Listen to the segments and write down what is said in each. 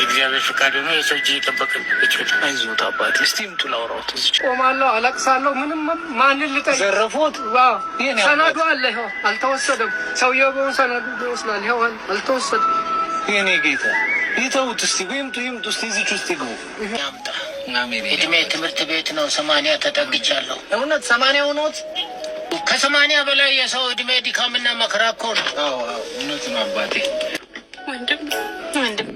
የእግዚአብሔር ፍቃድ ሆኖ የሰው እጅ እየጠበቅን ይችል አይዞት አባት እስቲ ምጡ ላውራት ዚ ቆማለሁ፣ አለቅሳለሁ። ምንም ማንን ልጠይቅ? ዘረፎት ሰነዱ አለ። ይኸው አልተወሰደም። ሰውየው በሆን ሰነዱ ይወስዳል። ይኸው አልተወሰደም። የኔ ጌታ ይተውት እስቲ ወይምቱ ይምጡ ስ ዚች ውስጥ ይግቡ። እድሜ ትምህርት ቤት ነው። ሰማንያ ተጠግቻለሁ። እውነት ሰማንያ ሆኖት ከሰማንያ በላይ የሰው እድሜ ድካምና መከራ እኮ ነው። እውነት ነው አባቴ ወንድም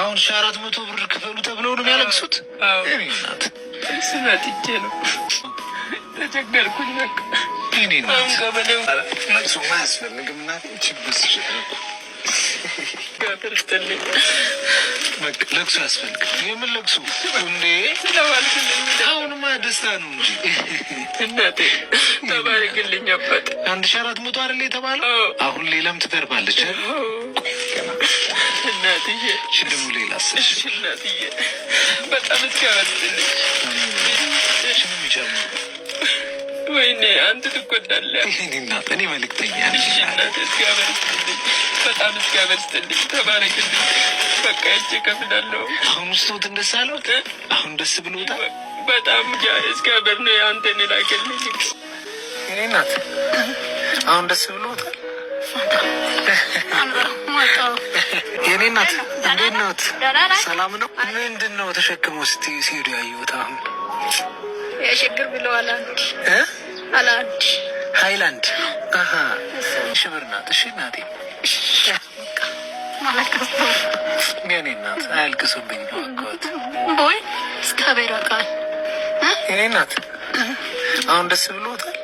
አሁን ሺህ አራት መቶ ብር ክፈሉ ተብለው ነው የሚያለቅሱት። ስናትቼ ነው ተቸገርኩኝ። ለቅሶ ያስፈልግ። የምን ለቅሶ እንዴ? አሁንማ ደስታ ነው እንጂ እናቴ ተባረክልኝ። አባት አንድ ሺህ አራት መቶ አይደል የተባለው? አሁን ሌላም ትደርባለች እናትዬ። ሌላ በጣም አንተ ትጎዳለህ። እኔ መልክተኛ በጣም እስኪያበርስትልኝ ተባረክልኝ። በቃ ይቼ ከፍላለሁ። አሁን ውስጡት ደስ አለት። አሁን ደስ ብሎታል በጣም እስኪያበር ነው የአንተን ላክልኝ። እኔ ናት አሁን ደስ ብሎታል። የኔ ናት እንዴት ናት? ሰላም ነው። ምንድን ነው ተሸክመው ሲሄዱ ያየሁት አሁን የሽግር ብለዋል። አንድ ሀይላንድ ሽብር ናት። እሺ እናቴ የኔ እናት አያልቅሱብኝ። ዋጋት ቦይ እስከቤር ቃል የኔ እናት አሁን ደስ ብሎታል።